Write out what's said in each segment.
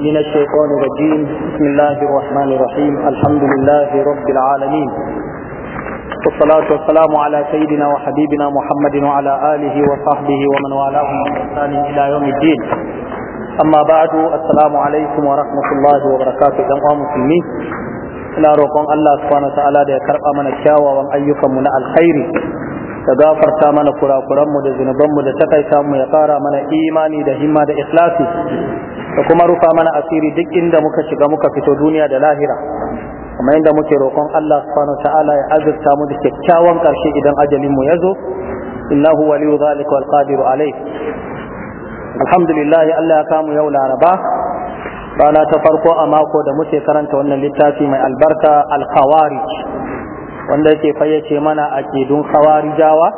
من الشيطان الرجيم بسم الله الرحمن الرحيم الحمد لله رب العالمين والصلاة والسلام على سيدنا وحبيبنا محمد وعلى آله وصحبه ومن والاه بإحسان إلى يوم الدين أما بعد السلام عليكم ورحمة الله وبركاته جميعا مسلمين لا روقون الله سبحانه وتعالى ليكرب من الشاوى ومن أيكم من الخير ka gafarta mana kurakuranmu da zunubanmu da takaita mu ya ƙara mana imani da himma da ikhlasi da kuma rufa mana asiri duk inda muka shiga muka fito duniya da lahira kuma inda muke roƙon Allah subhanahu ta'ala ya azurta mu da kyakkyawan ƙarshe idan ajalin mu ya zo innahu waliyu zalika wal qadiru alayh alhamdulillah Allah ya kamu yau laraba rana ta farko a mako da muke karanta wannan littafi mai albarka al-khawarij wanda yake fayyace mana akidun khawarijawa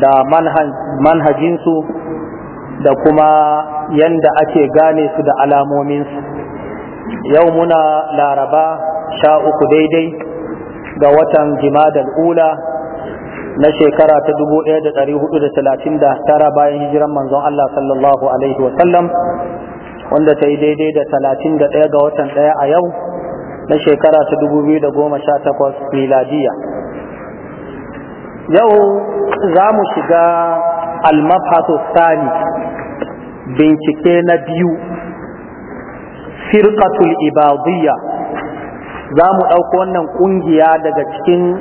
da manhajinsu da kuma yanda ake gane su da alamominsu yau muna laraba sha uku daidai ga watan jimadal ula na shekara ta 1439 bayan hijiran manzon Allah sallallahu alaihi wasallam wanda ta yi daidai da 31 ga watan ɗaya a yau na shekara ta 2018 miladiya yau za mu shiga almafato sani bincike na biyu firqatul ibadiyya za mu ɗauko wannan ƙungiya daga cikin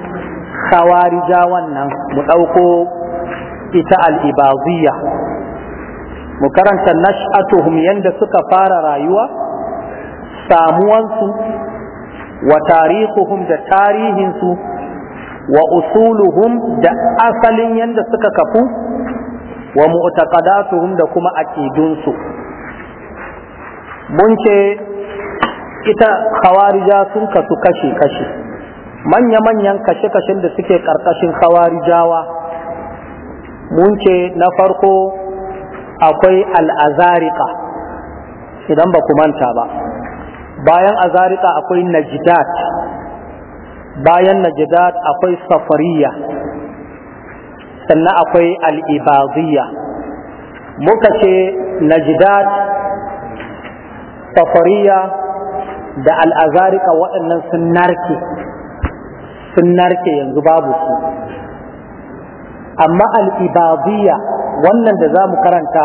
khawarija wannan mu ɗauko ita al'ibaziyya mu karanta nash'atuhum yadda suka fara rayuwa samuwansu wa tarihuhum da tarihinsu wa usuluhum da asalin yadda suka kafu wa mu'taqadatuhum da kuma aqidunsu mun ce ita khawarija sun kasu kashi kashi manya manyan kashe kashen da suke karkashin khawarijawa mun ce na farko akwai al'azariƙa, idan ba ku manta ba bayan azarika akwai najidat bayan najidat akwai safariya sannan akwai al'ibaziyya, muka ce najidat safariya da al'azarika waɗannan sun narke sun narke yanzu babu su amma al'ibaziyya wannan da za mu karanta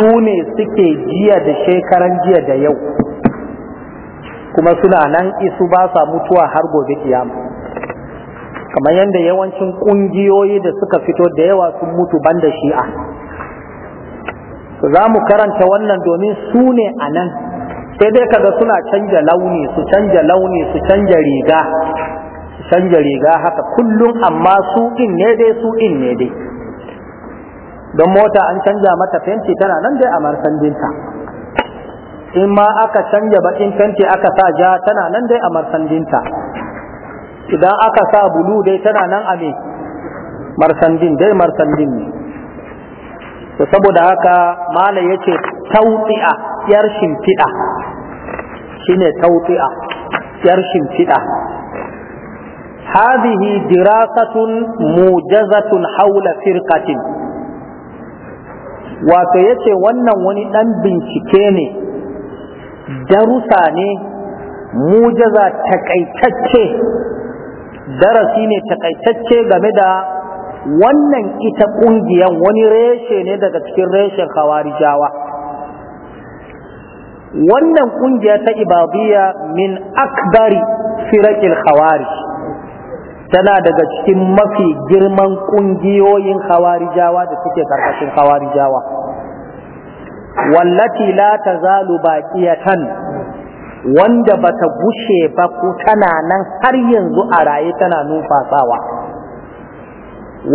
su ne suke jiya da shekaran jiya da yau kuma suna nan isu ba sa mutuwa har gobe kiyama kamar yadda yawancin ƙungiyoyi da suka fito da yawa sun mutu banda shi'a za mu karanta wannan domin su ne a nan sai dai kaga suna canja launi su canja launi su canja riga su canja riga haka kullum amma su in ne dai su in ne dai don mota an canja mata fenti tana nan dai a martandinta in ma aka canja bakin fenti aka sa ja tana nan dai a marsandinta idan aka sa bulu dai tana nan a me marsandin dai marsandin ne to saboda haka mala yace tautsi'a yar shimfiɗa shine tautsi'a yar shimfiɗa هذه دراسة موجزة حول فرقة wato yace wannan wani dan bincike ne darusa ne mujaza takaitacce darasi ne takaitacce game da wannan ita kungiyan wani reshe ne daga cikin reshen hawarijawa. wannan kungiya ta ibadiyya min akbari firakil khawarij tana daga cikin mafi girman kungiyoyin hawarijawa da suke karkashin khawarijawa wallati la tazalu baqiyatan wanda bata gushe ba ku tana nan har yanzu a raye tana numfasawa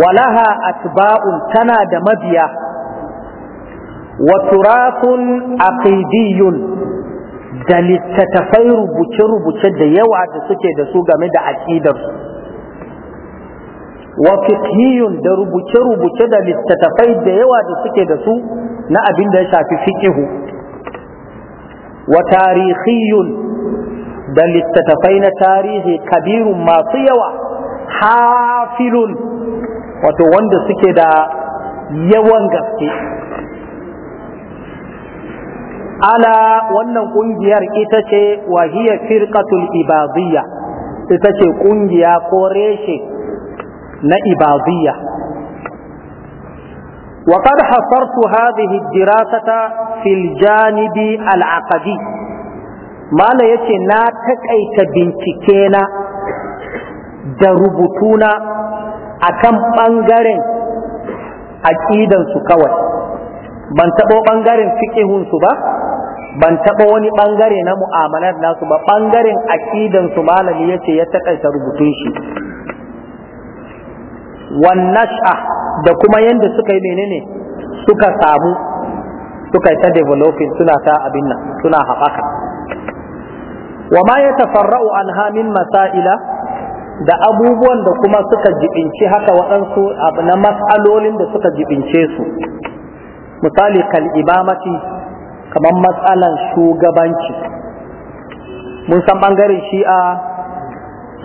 walaha atba'un tana da mabiya wa turathun aqidiyun da littattafai rubuce-rubuce da yawa da suke da su game da aƙidarsu wa fiqhiyun da rubuce-rubuce da littattafai da yawa da suke da su na abin da ya shafi fikihu wa tarihiyun da littattafai na tarihi kabirun masu yawa hafilun wato wanda suke da yawan gaske ala wannan kungiyar ita ce wahiyar firkatul ibadiyya ita ce kungiya ko reshe na ibaziyya. وقد حصرت هذه الدراسة في الجانب العقدي ما لا يتي نا تكأيت بنتكينا دربتونا أكم ɓangaren أكيدا kawai. ban taɓo ɓangaren fiƙihunsu ba ban taɓa wani ɓangare na mu'amalar nasu ba ɓangaren aƙidansu malami yace ya taƙaita rubutun shi wannan da kuma yadda suka yi menene suka samu suka yi ta developing suna ta abin nan suna haɓaka wa ma ya tafarra'u an hamin masa'ila da abubuwan da kuma suka jibinci haka waɗansu abu na matsalolin da suka jibince su misali kal imamati kamar matsalan shugabanci mun san ɓangaren shi'a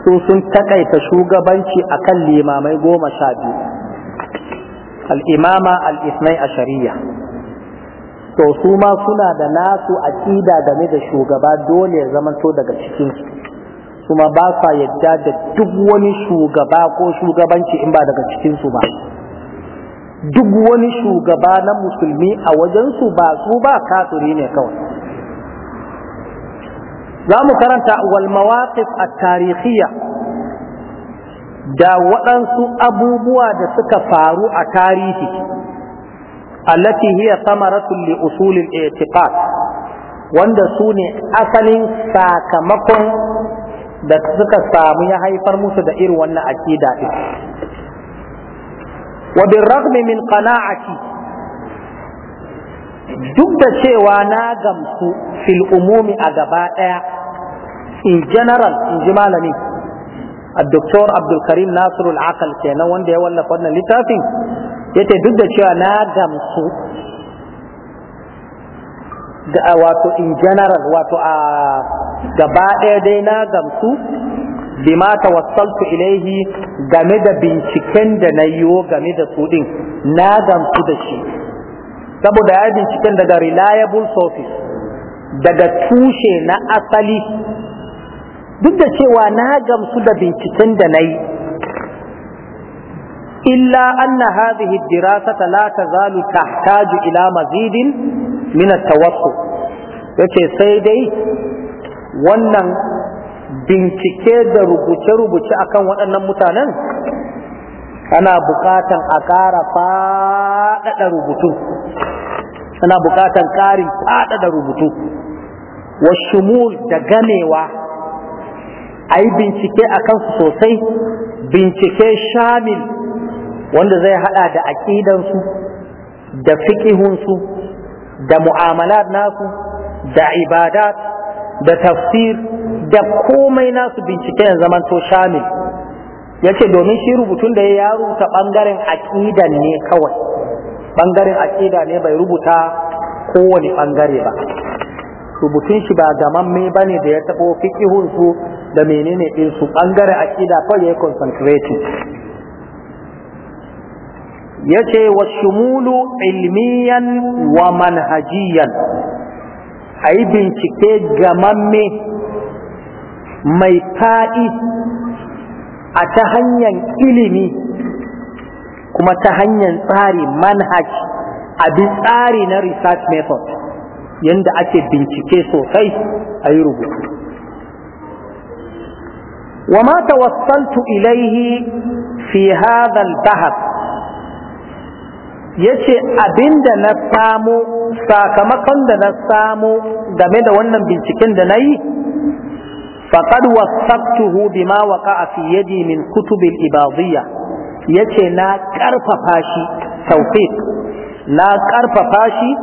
su sun takaita shugabanci akan limamai goma sha biyu al'imama al'isnai a shari'a to su ma suna da nasu aƙida game da shugaba dole ya zamanto daga cikin su ma ba sa yadda da duk wani shugaba ko shugabanci in ba daga cikinsu ba duk wani shugaba na musulmi a wajensu ba su ba kafiri ne kawai za mu karanta wal mawaqif at-tarikhiyya da waɗansu abubuwa da suka faru a tarihi allati hiya samaratun li usulil i'tiqad wanda su ne asalin sakamakon da suka samu ya haifar musu da irin wannan aqida din wa birragmi min qana'ati duk da cewa na gamsu fil umumi a gaba daya in general in ji malami الدكتور عبد الكريم ناصر العقل كان وند يولى فضل لتافين yace duk da cewa na gamsu da wato in general wato a gaba ɗaya dai na gamsu bima tawassaltu ilaihi game da binciken da na yiwo game da su din na gamsu da shi saboda ya binciken daga reliable sources daga tushe na asali duk da cewa na gamsu da binciken da na yi illa anna hadhihi dirasata la tazalu tahtaju ila mazidin min at-tawassu yace sai dai wannan bincike da rubuce-rubuce akan waɗannan mutanen ana buƙatan a ƙara faɗaɗa rubutu ana buƙatan ƙarin faɗaɗa rubutu wa shumul da gamewa a bincike a kansu sosai bincike shamil wanda zai hada da aƙidansu da fiƙihunsu da mu'amalat nasu da ibadat da tafsir da komai nasu bincike ya zamanto shamil ya ce domin shi rubutun da ya rubuta ɓangaren aƙidan ne kawai ɓangaren aƙida ne bai rubuta kowane ɓangare ba rubutun shi ba mamme ba ne da ya taɓo fikihun su da menene ɗin su ɓangare aƙida ko ya yi concentrating ya ce wa shumulu ilmiyan wa manhajiyan a yi bincike mamme mai faɗi a ta hanyar ilimi kuma ta hanyar tsari manhaj abin tsari na research method yanda ake bincike sosai a yi rubutu wa mata wasaltu ilaihi fi bahar. yace abinda na samu sakamakon da na samu game da wannan binciken da na yi, faqad wasaftuhu bima waqa'a fi yadi min kutubil ibadiyya yace na karfafa shi tawfiq na karfafa shi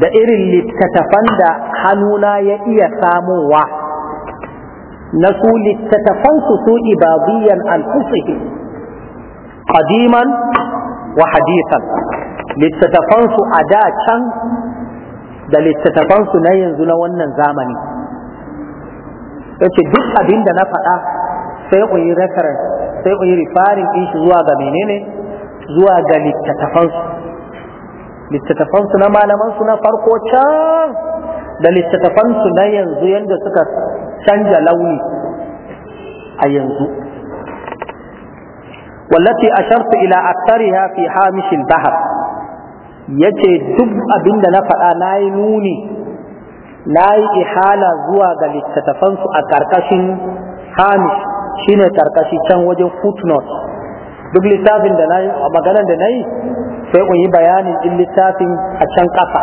da irin littattafan da hannuna ya iya samowa na su littattafan su su ibadiyan alfusihi wa hadisan littattafan a da can da littattafan na yanzu na wannan zamani yace duk abin da na faɗa sai ku yi sai rifarin shi zuwa ga menene zuwa ga littattafan littattafansu na malamansu na farko can da littattafansu na yanzu yadda suka canja launi a yanzu wallafi ashartu ila ya fi hamishin bahar yace duk abinda na faɗa na yi nuni na yi ihala zuwa ga littattafansu a ƙarƙashin hamish shine ƙarƙashi can wajen footnote duk littafin da na yi maganar da na yi sai kun yi bayanin in littafin a can kafa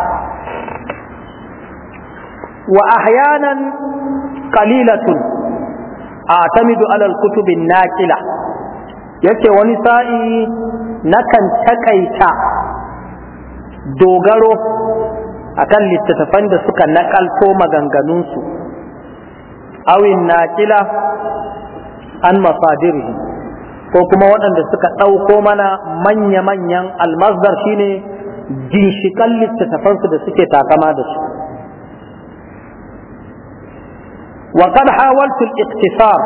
wa ahyanan qalilatun atamidu ala al-kutubin naqila yace wani sa'i nakan takaita dogaro akan littattafan da suka nakalto maganganunsu awin naqila an masadirihim ko kuma waɗanda suka ɗauko mana manya-manyan almasdar shine ginshikan littattafansu da suke takama da su wa kan hawaltu al-iqtisar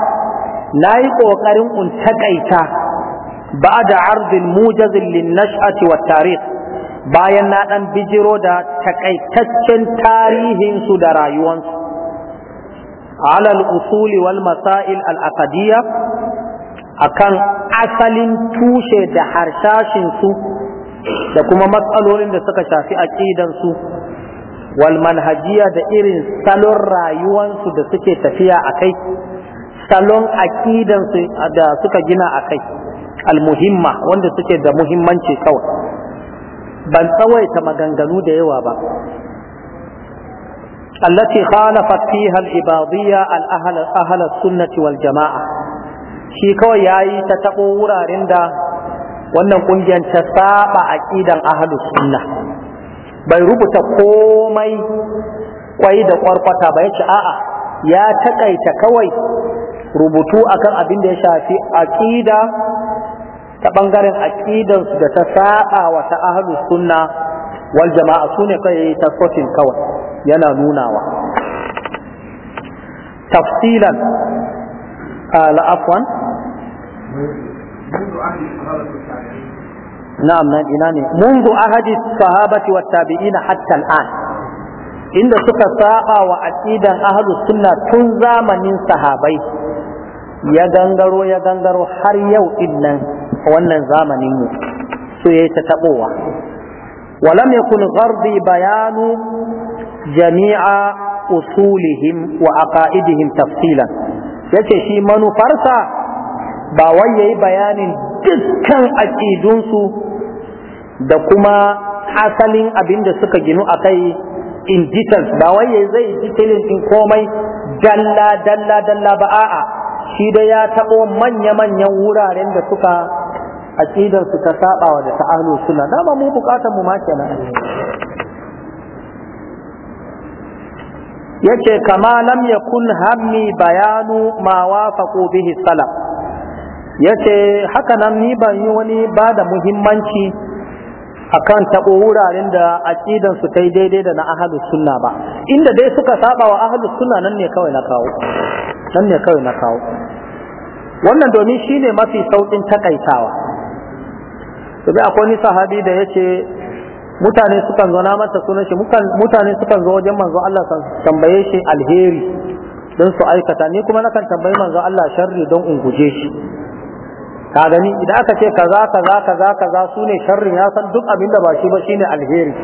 nayi ƙoƙarin un takaita da ardin mujazin lin-nash'ati wat bayan na ɗan bijiro da takaitaccen tarihinsu da rayuwansu ala al wal masail al akan asalin tushe da su da kuma matsalolin da suka shafi aƙidansu wal manhajiya da irin salon rayuwansu da suke tafiya a kai salon aƙidansu da suka gina a kai almuhimma wanda suke da muhimmanci kawai ban tsawaita maganganu da yawa ba التي خالفت فيها العباضية الأهل, أهل السنة والجماعة shi kawai ya yi ta taɓo wuraren da wannan ƙungiyar ta saba ƙidan ahalus sunna bai rubuta komai kwai da kwarkwata ba yace a'a ya taƙaita kawai rubutu akan abin da ya shafi aƙida ta ɓangaren aƙidansu da ta saba wa ta ahalus sunna wal jama'a su ne kai ta sotin kawai yana nunawa tafsilan al'afwan. Ah, afwan na'am nan ina ne mundu ahadi sahabati wa tabi'ina hatta inda suka saba wa aqidan ahlu sunna tun zamanin sahabai ya gangaro ya gangaro har yau dinnan wannan zamanin mu su yayi ta tabowa ولم يكن غرضي wa جميع أصولهم وعقائدهم تفصيلا yace shi manufarsa ba wai yayi bayanin dukkan aƙidunsu da kuma asalin abin da suka ginu a kai in details ba wai yayi zai detailing din komai dalla dalla dalla ba a'a shi da ya taɓo manya-manyan wuraren da suka su ta saɓawa da ta'alu suna dama mu buƙatar mu ma na Yake kama lam yakun hammi bayanu ma wafaqu bihi salaf ya ce haka nan ni ban yi wani ba da muhimmanci akan taɓo wuraren da aƙidansu ta yi daidai da na ahalus sunna ba inda dai suka saba wa ahalus sunna nan ne kawai na kawo nan ne kawai na kawo wannan domin shine mafi sauƙin takaitawa domin akwai wani sahabi da ya ce mutane sukan zo na mata sunan shi mutane sukan zo wajen manzo Allah tambaye shi alheri don su aikata ni kuma nakan tambayi manzo Allah sharri don in guje shi ka gani idan aka ce kaza kaza kaza kaza su ne sharrin ya san duk abin da ba shi ba shine alheri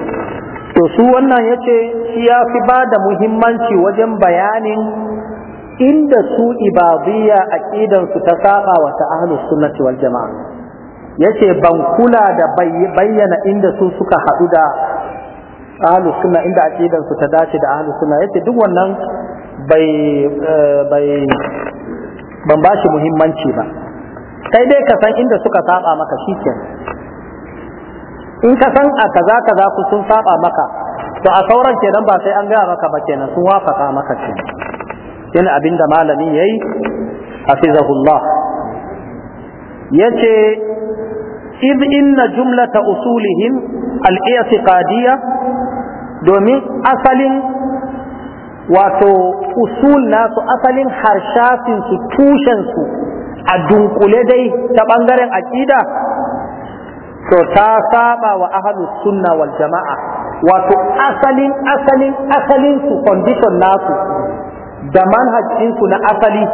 to su wannan yace shi ya fi ba da muhimmanci wajen bayanin inda su ibadiyya aqidan su ta saba wa ta ahlus sunnati wal jamaa yace ban kula da bayyana inda su suka hadu da ahlus sunna inda aqidan su ta dace da ahlus sunna yace duk wannan bai eh, bai ban bashi muhimmanci ba kai dai ka san inda suka saba maka shiken in ka san a kaza kaza ku sun saba maka to a sauran kenan ba sai an gaya maka ba kenan sun wafaka maka ce yana abin da malami yayi hafizahullah yace id inna jumlata usulihim al-i'tiqadiyya domin asalin wato usul nasu asalin harshafin su tushen su a dunkule dai ta ɓangaren aƙida to ta saba wa ahalus sunna wal jama'a wato asalin asalin asalin su condition nasu da manhajinsu na asali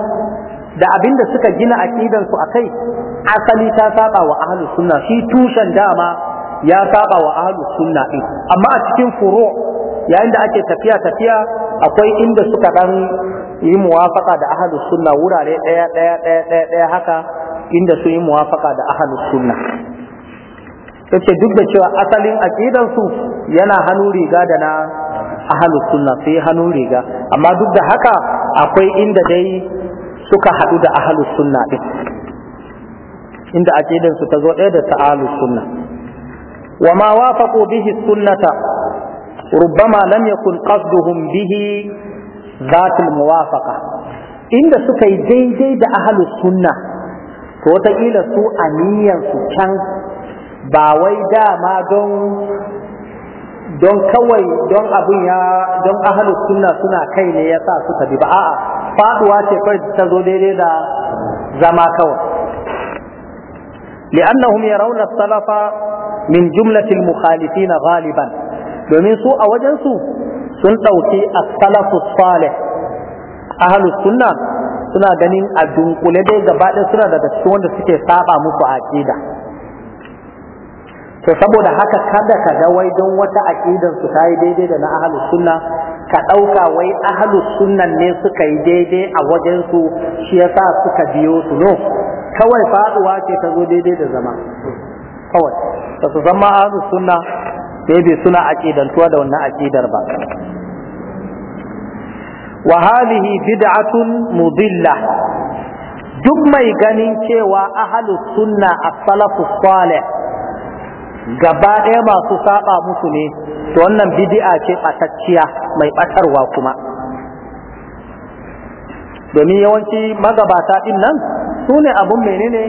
da abinda suka gina aƙidansu a kai asali ta saba wa ahalus sunna shi tushen dama ya saba wa ahalus sunna din amma a cikin furo yayin da ake tafiya tafiya akwai inda suka ɗan yi muwafaka da ahalus sunna wurare ɗaya ɗaya ɗaya ɗaya daya haka inda su yi muwafaka da ahalus sunna yace duk da cewa asalin aqidan su yana hannu riga da na ahalus sunna sai hannu riga amma duk da haka akwai inda dai suka haɗu da ahalus sunna din inda aqidan su ta zo ɗaya da ta sunna wa ma wafaqu bihi sunnata ربما لم يكن قصدهم به zatul muwafaqa inda suka yi daidai da ahlu sunna to wataƙila su aniyan su can ba wai dama don kawai don abin ya don ahlu sunna suna kai ne yasa suka bi ba a'a faduwa ce kawai ta zo daidai da zama kawai li'annahum yarawna salafa min jumlatil mukhalifina ghaliban domin su a wajen su sun ɗauki a salafu salih ahlus sunna suna ganin a dunkule dai gaba ɗaya suna daga cikin wanda suke saba musu aƙida. to saboda haka kada ka ga wai don wata aqidan su yi daidai da na ahlus sunna ka ɗauka wai ahlus sunnan ne suka yi daidai a wajen su shi sa suka biyo su no kawai faɗuwa ce ta zo daidai da zama kawai ta su zama ahlus sunna bebe suna aqidantuwa da wannan aƙidar ba wa hadhihi bid'atun mudilla duk mai ganin cewa ahlus sunna as salafu salih gaba ɗaya masu saba musu ne to wannan bid'a ce ɓatacciya mai ɓatarwa kuma domin yawanci magabata ɗin nan su ne abun menene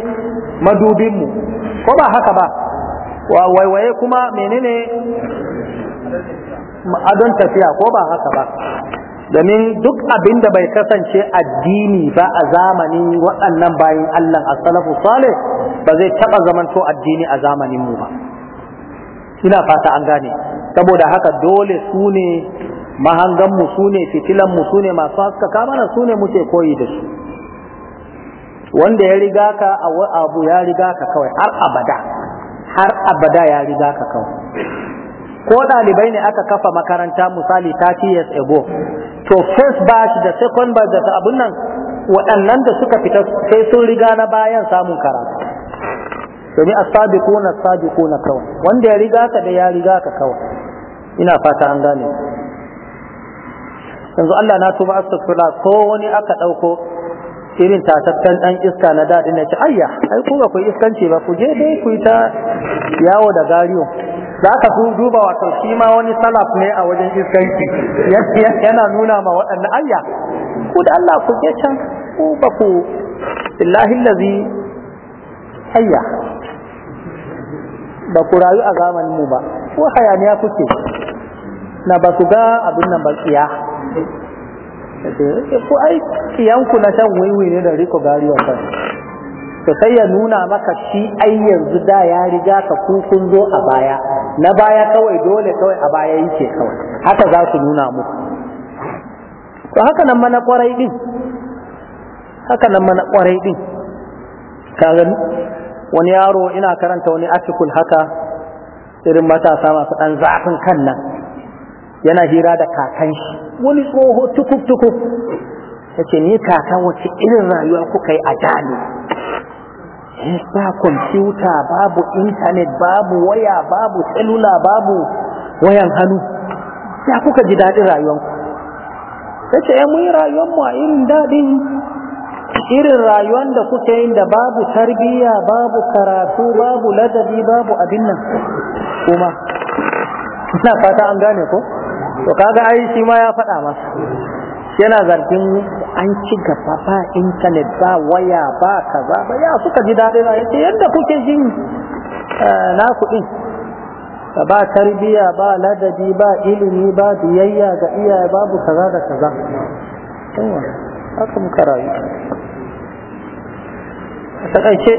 madubinmu ko ba haka ba wa waiwaye kuma menene adon tafiya ko ba haka ba domin duk abin da bai kasance addini ba a zamanin waɗannan bayan Allah a salafu salih ba zai taɓa zamanto addini a zamanin mu ba ina fata an gane saboda haka dole su ne mahanganmu su ne fitilanmu su ne masu haskaka mana su ne muke koyi da su wanda ya riga ka abu ya riga ka kawai har abada har abada ya riga ka kawai ko ɗalibai ne aka kafa makaranta misali 30 years ago to first batch da second batch da abun nan waɗannan da suka fita sai sun riga na bayan samun karatu domin as-sabiquna as na kawai wanda ya riga ka da ya riga ka kawai ina fata an gane yanzu Allah na tuba astaghfirullah ko wani aka dauko irin tatattan dan iska na dadin ya ce ayya ai ku ba ku iskanci ba ku je dai ku ta yawo da gariyo za ka duba wato shi ma wani salaf ne a wajen iskanci yana nuna ma waɗannan ayya ku da Allah ku je can ku ba ku billahi allazi ayya ba ku rayu a zamanin mu ba ko hayaniya kuke na ba su ga abin nan ba tsiya eh, ku ai tsiyanku na shan wiwi ne da riko gari kan to sai ya nuna maka shi ai yanzu da ya riga ka kun zo a baya na baya kawai dole kawai a baya yake kawai haka za su nuna muku to haka nan mana kwarai din haka nan mana kwarai din kaga wani yaro ina karanta wani article haka irin matasa masu dan zafin kan nan yana hira da kakan shi wani tsoho tukuk tukuk yace ni kakan wace irin rayuwa kuka yi a jami'a in ba kwamfuta babu intanet babu waya babu cellular babu wayan hannu ya kuka ji daɗin rayuwanku ta ce eh, mun yi rayuwanmu a irin daɗin irin rayuwan da kuka yin da babu tarbiyya babu karatu babu ladabi babu abin nan kuma ina fata an gane ko to kaga ai shi ma ya faɗa masa yana zargin an ci gaba ba intanet ba waya ba kaza ba ya suka ji daɗi ba. yace yadda kuke jin eh, na kuɗi ba tarbiya ba ladabi ba ilimi ba biyayya ga iyaye babu kaza da kaza haka muka rayu a taƙaice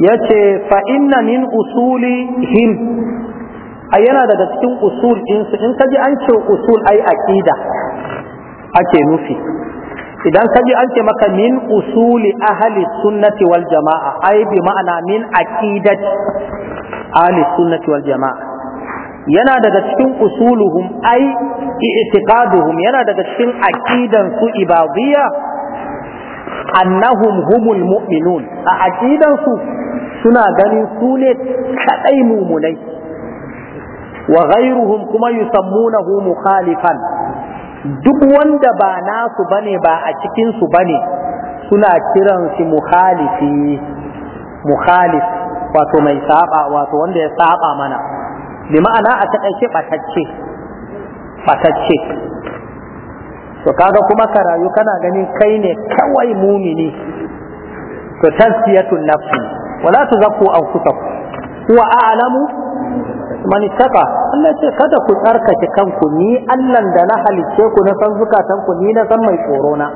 ya ce fa'inna min usulihim a yana daga cikin usul ɗinsu in ka ji an ce usul ai aƙida ake nufi idan kaji an ce maka min usuli ahli sunnati wal jama'a ai bi ma'ana min aqidati ahli sunnati wal jama'a yana daga cikin usuluhum ai i'tiqaduhum yana daga cikin aqidan su ibadiyya annahum humul mu'minun a aqidan su suna ganin su ne kadai mumunai wa ghayruhum kuma yusammunahu mukhalifan duk wanda ba nasu bane ba a cikinsu bane suna kiran shi muhalifi muhalif wato mai saba wato wanda ya saba mana bi ma'ana a taƙaice ɓatacce ɓatacce to kaga kuma ka rayu kana ganin kai ne kawai mumini to tasfiyatun nafsi wala tuzakku anfusakum huwa a'lamu man ittaqa Allah ce kada ku tsarkake kanku ni Allah da na halicce ku na san zukatan ku ni na san mai tsoro na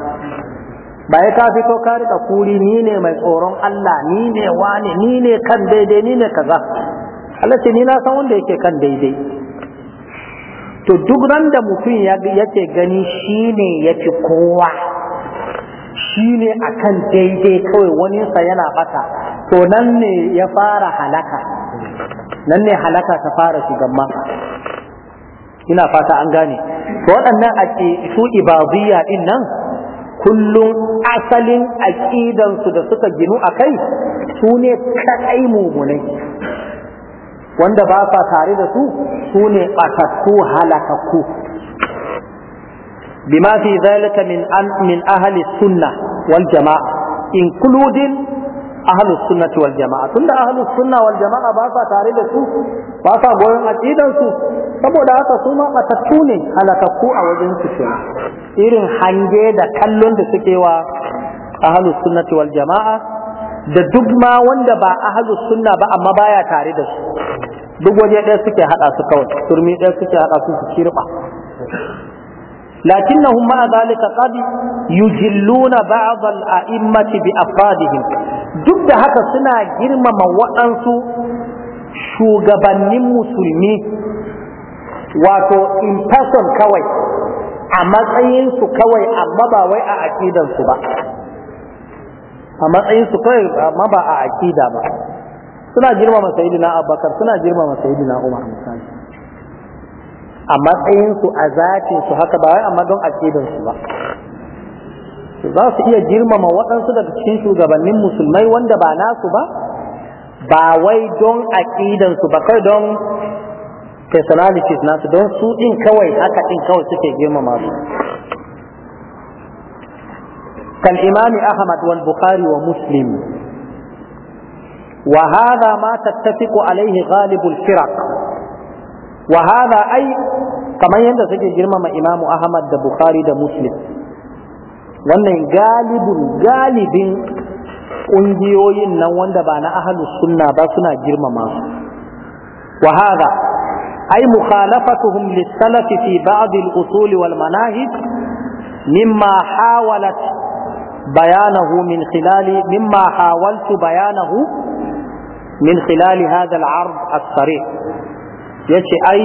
ba ya ka fito ka rika kuri ni ne mai tsoron Allah ni ne wane ni ne kan daidai ni ne kaza Allah ce ni na san wanda yake kan daidai to duk nan da mutum ce gani shine yafi kowa shine akan daidai kawai waninsa yana bata to nan ne ya fara halaka nan ne halaka ta fara shigan ma? ina fata an gane to waɗannan ake su ibadiyya din nan kullum asalin aƙidansu da suka ginu a kai su ne kaɗai mumunai wanda ba sa tare da su su ne ɓatattu halakakku bima fi zalika min min ahli sunna wal jama'a including ahlus sunnati wal jama'a tunda ahlus sunna wal jama'a ba sa tare da su ba sa goyon aqidan su saboda haka su ma batattu ne halakakku a wajen su shi irin hange da kallon da suke wa ahlus sunnati wal jama'a da duk ma wanda ba ahlus sunna ba amma baya tare da su duk waje ɗaya suke hada su kawai turmi ɗaya suke hada su su kirba lakinnahum ma'a zalika qad yujilluna ba'd al-a'immati bi afradihim duk da haka suna girmama waɗansu shugabannin musulmi wato in person kawai a matsayinsu kawai amma ba wai a aƙidansu ba a matsayinsu kawai amma ba a aƙida ba suna girmama sayidina abubakar suna girmama sayidina umar misali a matsayinsu a zatinsu haka ba wai amma don aƙidansu ba za su iya girmama waɗansu daga cikin shugabannin musulmai wanda ba nasu ba ba wai don aƙidansu ba kai don personalities nasu don su ɗin kawai haka ɗin kawai suke girmama su kan imami ahmad wal bukhari wa muslim wa hadha ma tattafiqu alaihi ghalibul firaq wa hadha ai kamar yadda suke girmama imamu ahmad da bukhari da muslim wannan galibin galibin ƙungiyoyin nan wanda ba na ahalus sunna ba suna girmama su wa hada ay mukhalafatuhum lis-salaf fi ba'd al-usul wal manahij mimma hawalat bayanahu min khilal mimma hawaltu bayanahu min khilal hadha al-'ard as-sarih yace ai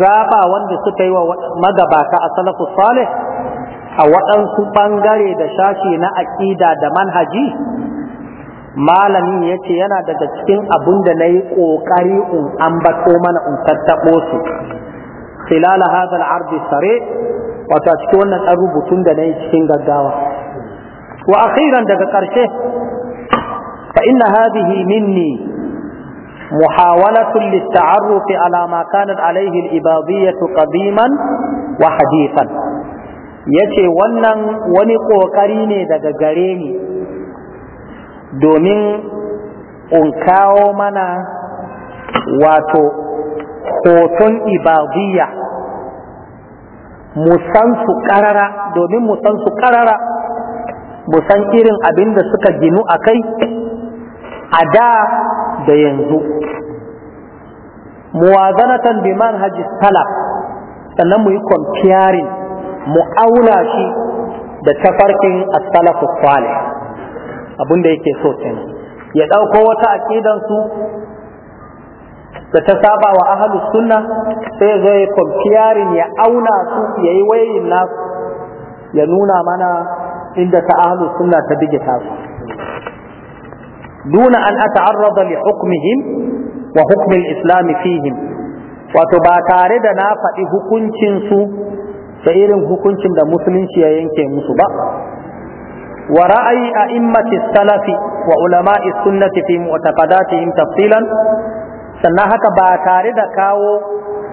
saba wanda suka yi wa magabata a salafus salih a waɗansu ɓangare da shashi na aƙida da manhaji malamin ya ce yana daga cikin abin da na yi ƙoƙari in ambato mana in tattaɓo su khilala hadha al-ardi sare wato a cikin wannan ɗan rubutun da na yi cikin gaggawa wa akhiran daga ƙarshe fa inna hadhihi minni محاولة للتعرف على ما كانت عليه الإباضية قديما وحديثا ya ce wannan wani ƙoƙari ne daga gare ni domin in kawo mana wato hoton ibadiyya musansu ƙarara domin musansu ƙarara musan irin abin da suka ginu a kai a da da yanzu muwazanatan bi manhajis talab sannan mu yi kwamfiyarin. mu'auna shi da tafarkin as-salafu salih abinda yake so kenan ya ɗauko wata aqidan su da ta saba wa ahlu sunna sai zai ya ya auna su yayi wayin nasu ya nuna mana inda ta ahlu sunna ta dige su duna an ata'arrada li hukmihim wa hukm al fihim wato ba tare da na faɗi hukuncin su da irin hukuncin da musulunci ya yanke musu ba wa ra'ayi a immati salafi wa ulama'i sunnati fi mu'taqadatihim tafsilan sannan haka ba tare da kawo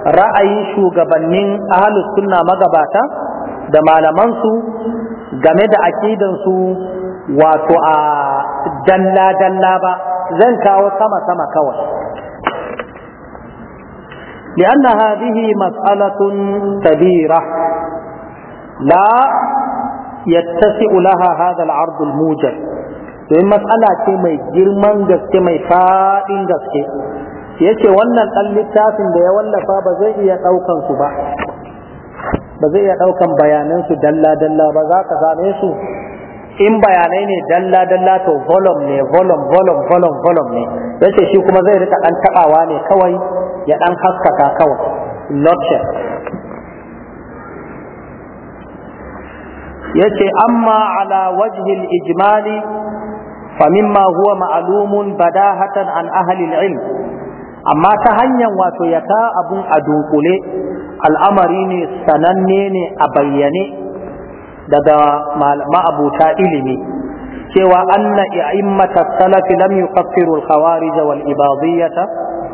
ra'ayin shugabannin ahlus sunna magabata da malamansu game da su wato a dalla-dalla ba zan kawo sama-sama kawai لأن هذه مسألة كبيرة la yattasi'u laha hadha al-ard al-mujal to ce mai girman gaske mai fadin gaske yace wannan ɗan littafin da ya wallafa ba zai iya daukan su ba ba zai iya ɗaukan bayanan su dalla dalla ba za ka same su in bayanai ne dalla dalla to volume ne volume volume volume volume ne ce shi kuma zai rika ɗan taɓawa ne kawai ya ɗan haskaka kawai lordship yace amma ala wajhil ijmali fa mimma huwa ma'lumun badahatan an ahli ilm amma ta hanyar wato yaka abun a dunkule al'amari ne sananne ne a bayyane daga ma'abuta ilimi cewa anna i'immata salafi lam yukaffiru al-khawarij wal ibadiyyata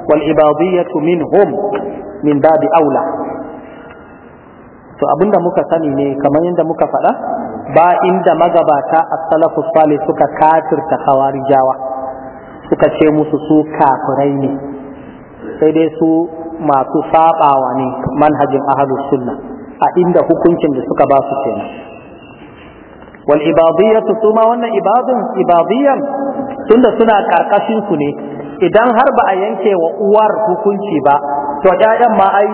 wal ibadiyyatu minhum min babi aula to abinda muka sani ne kamar yadda muka faɗa ba inda magabata a salafu salih suka kafirta jawa, suka ce musu su kafirai ne sai dai su masu sabawa ne manhajin ahalus sunna a inda hukuncin da suka ba su kenan wal su suma wannan ibadun ibadiyyan tunda suna karkashin su ne idan har ba a yanke wa uwar hukunci ba to ƴaƴan ma ai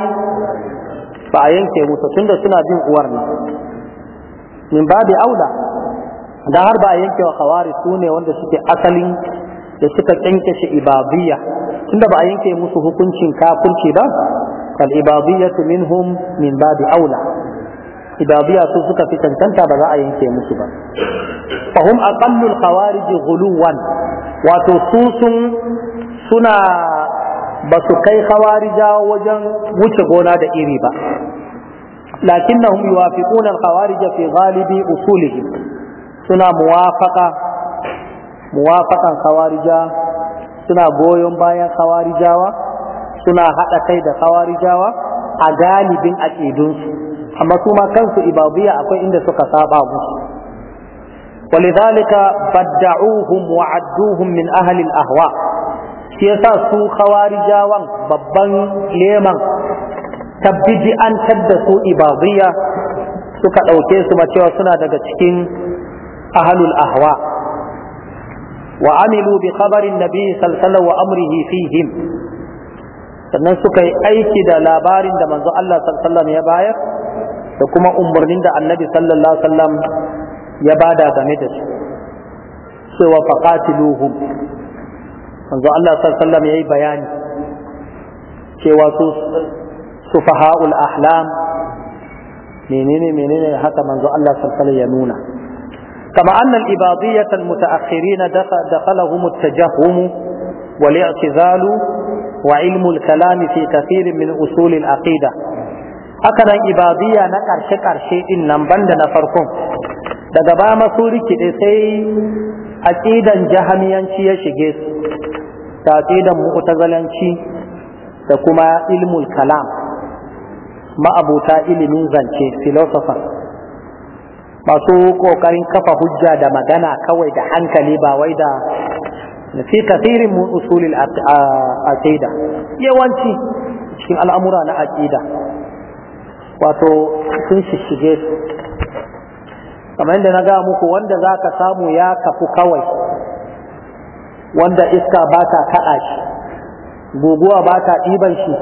ba a yanke musu tunda suna bin uwar ne min babi aula da har ba a yanke wa kawari su ne wanda suke asalin da suka kyankyashe ibadiyya tunda ba a yanke musu hukuncin kafirci ba fal ibadiyyatu su min hum, min ba babi aula ibadiyya su suka fi cancanta ba za a yanke musu ba a fahum aqallul khawarij ghuluwan wato su sun suna ba su kai khawarijawa wajen wuce gona da iri ba lakinnahum yuwafiquna al-khawarij fi galibi usulihim suna muwafaka, muwafakan khawarija suna goyon bayan khawarijawa suna haɗa kai da khawarijawa a galibin aƙidunsu. amma su ma kansu ibabiya akwai inda suka saba musu ولذلك بدعوهم وعدوهم من أهل الأهواء shi yasa su khawarijawan babban leman tabbiji an tadda su ibadiyya suka ɗauke su ma cewa suna daga cikin ahlul ahwa wa amilu bi khabarin nabi sallallahu wa amrihi fihim sannan suka yi aiki da labarin da manzo Allah sallallahu ya bayar da kuma umarnin da annabi sallallahu alaihi ya bada game da su cewa faqatiluhum manzo Allah sallallahu alaihi bayani cewa su sufaha'ul ahlam menene menene haka manzo Allah sallallahu ya nuna kama anna al-ibadiyyah al-muta'akhirin dakhalahum at-tajahhum wal-i'tizalu wa ilmu al-kalam fi kathir min usul al-aqida haka nan ibadiyya na karshe karshe din nan banda na farko daga ba masu rikide sai aqidan jahamiyanci ya shige su da aqidan mu'tazalanci da kuma ilmul kalam ma'abuta ilimin zance philosopher masu ƙoƙarin kafa hujja da magana kawai da hankali ba wai da fi kathirin min usulil aqida yawanci cikin al'amura na aqida wato sun shishige su kamar yadda na ga muku wanda zaka samu ya kafu kawai wanda iska ba ta kaɗa shi guguwa ba ta ɗiban shi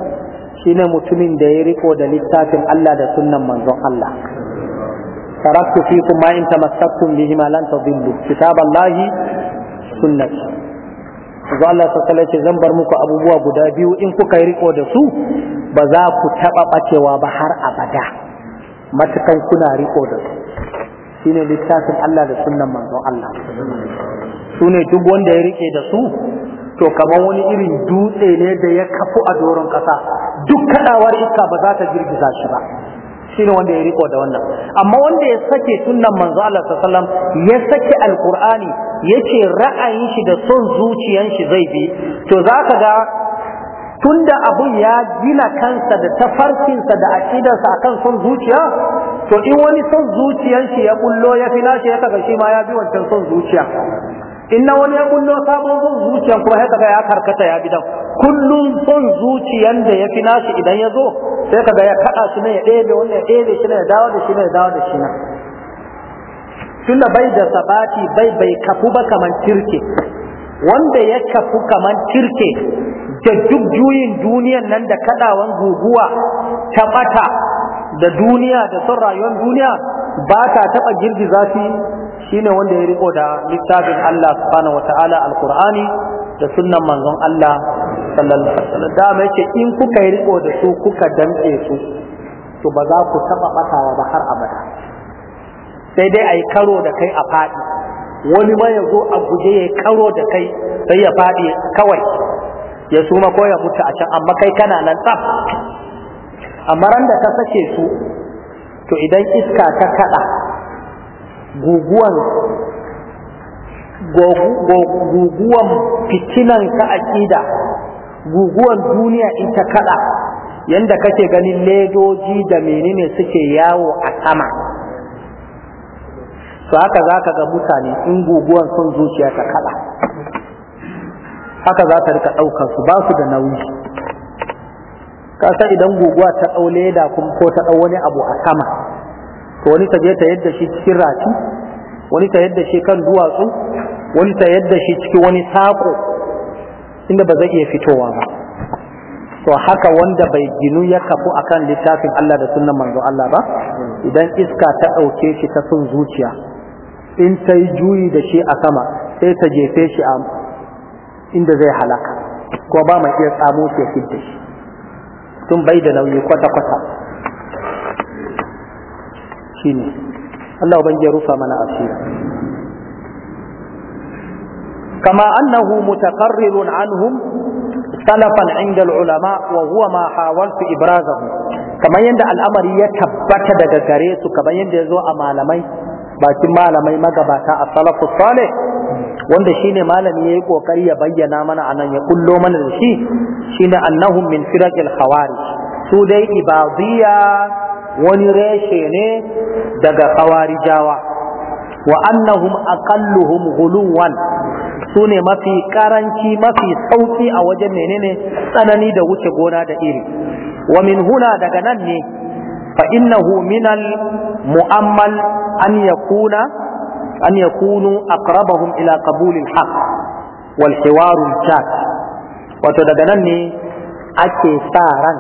shine mutumin da ya riko da littafin Allah da sunnan manzon Allah taraktu fikum ma in tamassaktum bihi ma lan tadillu kitaballahi sunnati Yanzu Allah ce zan bar muku abubuwa guda biyu in kuka yi riko da su ba za ku taɓa ɓacewa ba har abada matukan kuna riko da su shine littafin Allah da sunnan manzon Allah su ne duk wanda ya rike da su to kamar wani irin dutse ne da ya kafu a doron kasa duk kadawar iska ba za ta girgiza shi ba ne wanda ya riko da wannan amma wanda ya sake sunnan manzo Allah sallallahu ya sake alqur'ani yace ra'ayin shi da son zuciyan shi zai bi to zaka ga tunda abun ya gina kansa da tafarkinsa da aqidarsa akan son zuciya to in wani son zuciyan shi ya bullo ya fi nashi ya kaga shi ma ya bi wancan son zuciya Inna wani ya kunno sabon son zuciyan kuma haka ya karkata ya bidan kullum son zuciyan da ya fi nashi idan ya zo sai kaga ya kaɗa shi ne ya ɗebe wani ya ɗebe shi ne ya dawo da shi ne ya dawo da shi na tunda bai da sabati bai bai kafu ba kamar kirke wanda ya kafu kaman kirke da duk juyin duniyan nan da kaɗawan guguwa ta ɓata da duniya da son rayuwar duniya ba ta taɓa girgiza shi shine wanda ya riko da littafin Allah subhanahu wataala alqur'ani da sunnan manzon Allah sallallahu alaihi wasallam da mai ce in kuka yi riko da su kuka dambe su to ba za ku taba batawa ba har abada sai dai ai karo da kai a fadi wani ma yazo a guje ya karo da kai sai ya fadi kawai ya suma ko ya mutu a can amma kai kana nan tsaf amma randa da ka sake su to idan iska ta kada guguwan guguwan fitinan ka aƙida guguwan duniya ita ta kaɗa yadda kake ganin ledoji da menene suke yawo a sama to haka za ka ga mutane in guguwan sun zuciya ta kaɗa haka za ta rika ɗaukar su ba su da nauyi kasa idan guguwa ta ɗau leda ko ta ɗau wani abu a sama to wani ta je ta yadda shi cikin rafi wani ta yadda shi kan duwatsu wani ta yadda shi cikin wani sako inda ba zai iya fitowa ba to haka wanda bai ginu ya kafu akan littafin Allah da sunnan manzo Allah ba idan iska ta ɗauke shi ta sun zuciya in ta yi juyi da shi a sama sai ta jefe shi a inda zai halaka ko ba mai iya tsamo shi ya shi tun bai da nauyi kwata-kwata ne? Allah ban ya rufa mana asiri kama annahu mutaqarrirun anhum salafan inda ulama wa huwa ma hawaltu ibrazahu kamar yadda al'amari ya tabbata daga gare su kamar yadda ya zo a malamai bakin malamai magabata a salafu salih wanda shine malami yi kokari ya bayyana mana anan ya kullo mana da shi shine annahum min firaqil khawarij su dai ibadiyya wani reshe ne daga kawarijawa wa annahum aqalluhum guluwan su ne mafi karanci mafi sauki a wajen menene tsanani da wuce gona da iri wa min huna daga nan ne fa innahu minal mu'ammal an yakuna an yakunu aqrabahum ila qabulil haqq wal hiwarul chat wato daga nan ne ake sa ran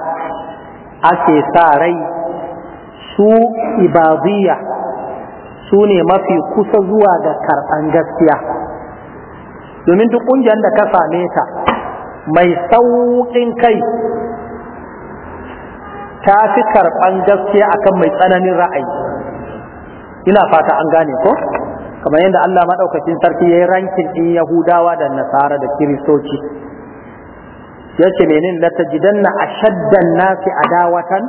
ake sa rai su ibadiyya su ne mafi kusa zuwa ga karɓan gaskiya domin duk ƙungiyar da ka same ta mai sauƙin kai ta fi karɓan gaskiya akan mai tsananin ra'ayi ina fata an gane ko kamar yadda Allah maɗaukacin sarki ya yi rankin ɗin Yahudawa da Nasara da Kiristoci yace menene la tajidanna ashaddan nasi adawatan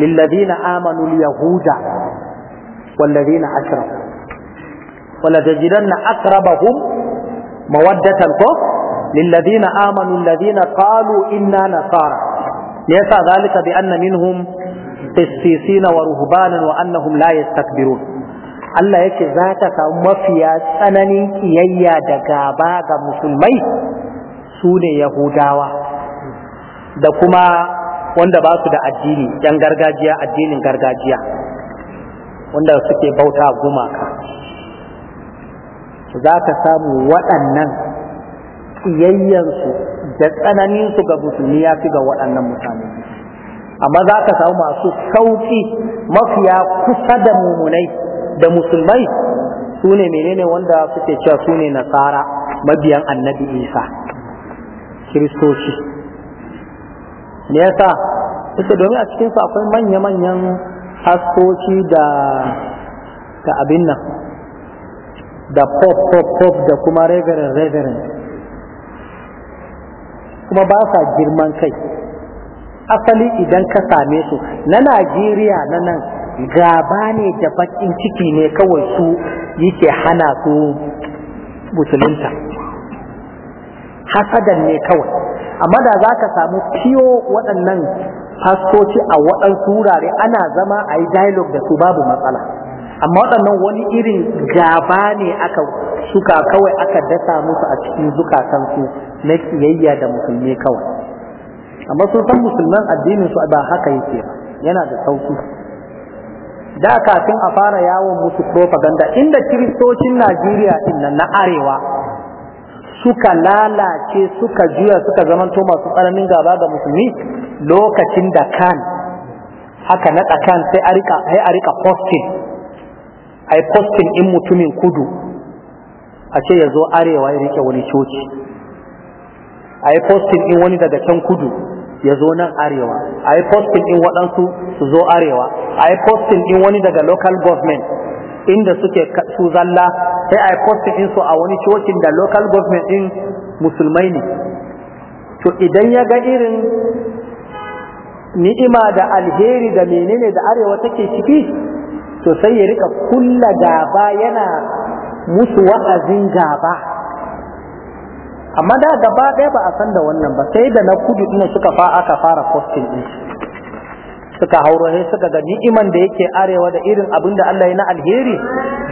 lil ladina amanu al yahuda wal ladina ashraku wal tajidanna aqrabahum mawaddatan ko lil ladina amanu al ladina qalu inna nasara yasa zalika bi anna minhum qissisina wa ruhbanan wa annahum la yastakbirun Allah yake za ta samu mafiya tsananin kiyayya da gaba ga musulmai su ne Yahudawa da kuma wanda ba su da addini yan gargajiya addinin gargajiya wanda suke bauta gumaka za ka samu waɗannan ƙiyayyansu da tsananinsu ga musulmi ya fi ga waɗannan mutane amma za ka samu masu sauƙi mafiya kusa da mummunai da musulmai su ne menene wanda suke cewa su ne nasara mabiyan annabi isa kiristoci me yasa yake domin a cikin su akwai manya-manyan haskoci da abin nan da pop pop pop da kuma reverend reverend kuma ba sa girman kai asali idan ka same su na najeriya na nan gaba ne da bakin ciki ne kawai su yake hana su musulunta hasadan ne kawai amma da za ka samu fiyo waɗannan fastoci a waɗansu wurare ana zama a yi dialogue da su babu matsala amma waɗannan wani irin gaba ne aka suka kawai aka dasa musu a cikin zukatansu na kiyayya da musulmi kawai amma sun san musulman addinin su ba haka yake ba yana da sauki da kafin a fara yawon musu propaganda inda kiristocin Najeriya din nan na arewa suka lalace suka juya suka zamanto masu tsananin gaba ga musulmi lokacin da kan haka naɗa kan sai a rika posting a yi posting in mutumin kudu a ce ya zo arewa ya rike wani coci a yi posting in wani daga can kudu ya zo nan arewa a yi posting in waɗansu su zo arewa a yi posting in wani daga local government inda suke su zalla sai a postin in su a wani cocin da local government din musulmai ne to idan ya ga irin ni'ima da alheri da menene da arewa take ciki to sai ya rika kulla gaba yana musu wa'azin gaba amma da gaba ɗaya ba a san da wannan ba sai da na kudu ina suka fa aka fara postin din shi suka hauro sai suka ga ni'iman da yake arewa da irin abin da Allah ya na alheri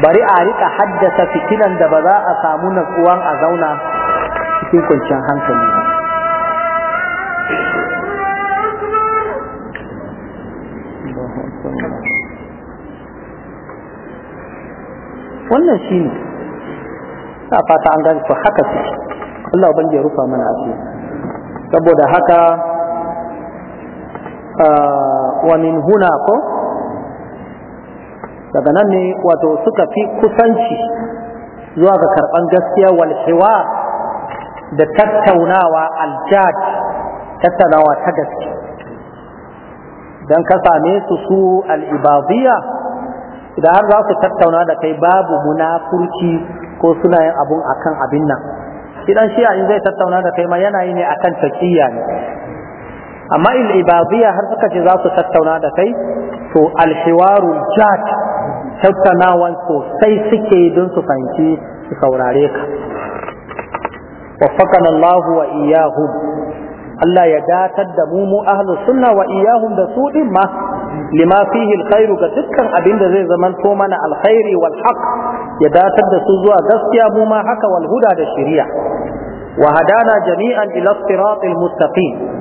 bari a rika haddasa fitinan da ba za a samu natsuwan a zauna cikin kwanciyar hankali ba wannan shi ne ta fata an gani haka su Allah ban ya rufa mana asiri saboda haka wa min huna ko daga nan ne wato suka fi kusanci zuwa ga karɓan gaskiya wal da tattaunawa aljad tattaunawa ta gaske don ka same su su al'ibadiyya idan har za su tattauna da kai babu munafurci ko suna yin abun akan abin nan idan shi a in zai tattauna da kai ma yana yi ne akan taƙiyya ne amma ibadiyya har suka ce za su tattauna da kai to alhiwaru jat tattaunawan sosai suke don su fahimci su saurare ka waffaqana Allahu wa Allah ya datar da mu mu ahlus sunna wa da su din ma lima fihi ga dukkan abin da zai zaman mana alkhairi wal haqq ya datar da su zuwa gaskiya mu ma haka wal da shari'a Wahadana jami'an ila siratil mustaqim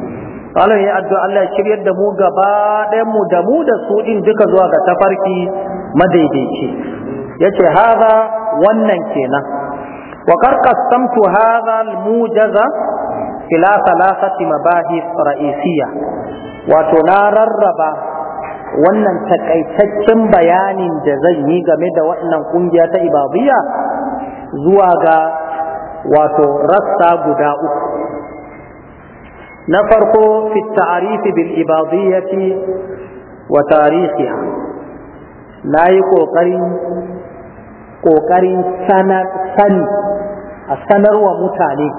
Allah ya addu'a Allah ya shiryar da mu gaba ɗayan mu da mu da su din duka zuwa ga tafarki madaidaici yace hadha wannan kenan wa qarqasamtu hadha al-mujaza ila thalathati mabahis ra'isiyya wato na rarraba wannan takaitaccen bayanin da zan yi game da wannan kungiya ta ibabiyya zuwa ga wato rassa guda uku نفرق في التعريف بالإباضية وتاريخها لا يقوقرين قوقرين سنة سن السنة هو متعني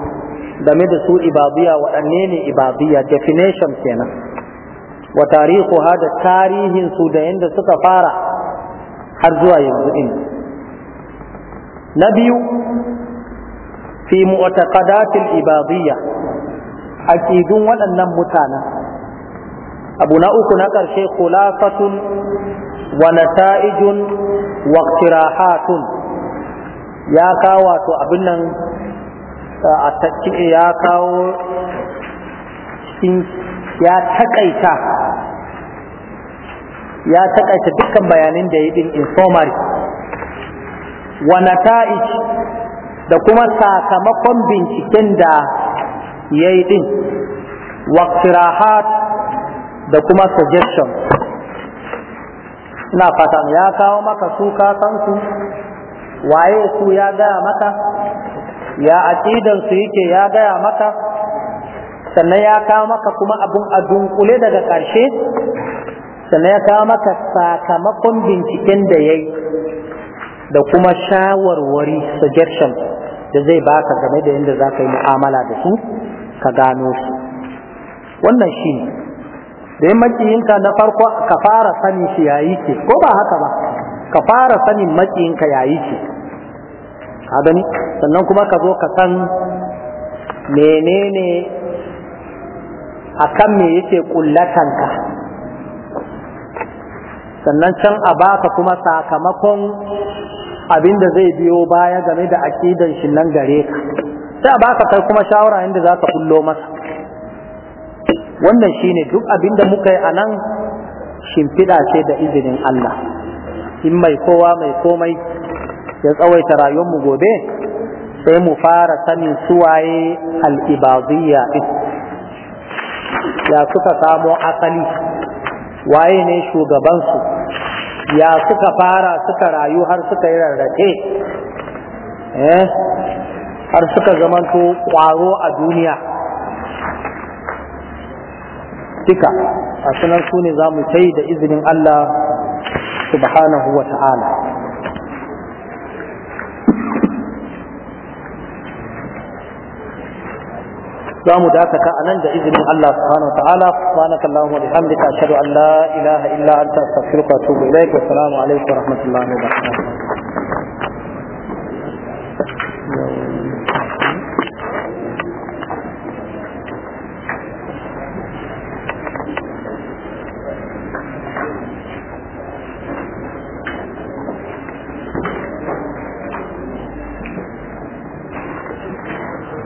دمد سوء إباضية وأنين إباضية definition سنة وتاريخ هذا تاريخ سودين ستفارة حرزوا يبزئين نبي في معتقدات الإباضية Akidun waɗannan mutanen abu na uku na ƙarshe kulafatun wa nata'ijun wa ƙirahatun ya kawo wato abin nan a ya kawo ya takaita ya takaita dukkan bayanin da ya ɗin in somari, wa nata'ij da kuma sakamakon binciken da yayi din waqtirahat da kuma suggestion ina fata ya kawo maka su ka waye su ya gaya maka ya aqidan su yake ya gaya maka sannan ya kawo maka kuma abun a dunkule daga ƙarshe sannan ya kawo maka sakamakon binciken da ya da kuma shawarwari suggestion da zai baka game da yadda za ka yi mu'amala da su ka gano su wannan shi ne da yin makiyinka na farko ka fara sanin shi yayi ce ko ba haka ba ka fara sanin makiyinka yayi ce ka gani sannan kuma ka zo ka san menene a kan me yake kullatanka sannan can a baka kuma sakamakon abin da zai biyo baya game da aƙidan shi nan gare ka sai a baka kai kuma shawara inda za ka kullo masa wannan shi ne duk abinda muka yi a nan shimfiɗa ce da izinin Allah in mai kowa mai komai ya tsawaita rayuwarmu gobe sai mu fara sanin suwaye al'ibaziyya ita, ya suka samo asali waye ne shugabansu ya suka fara suka rayu har suka yi rarrake eh, har suka zamanto ƙwaro a duniya duka a sunan su ne za mu sai da izinin Allah subhanahu wa ta'ala za mu dakata a nan da izinin Allah subhanahu wa ta'ala subhanaka Allahumma bihamdika ashhadu an la ilaha illa anta astaghfiruka wa atubu ilaik wa assalamu alaikum wa rahmatullahi wa barakatuh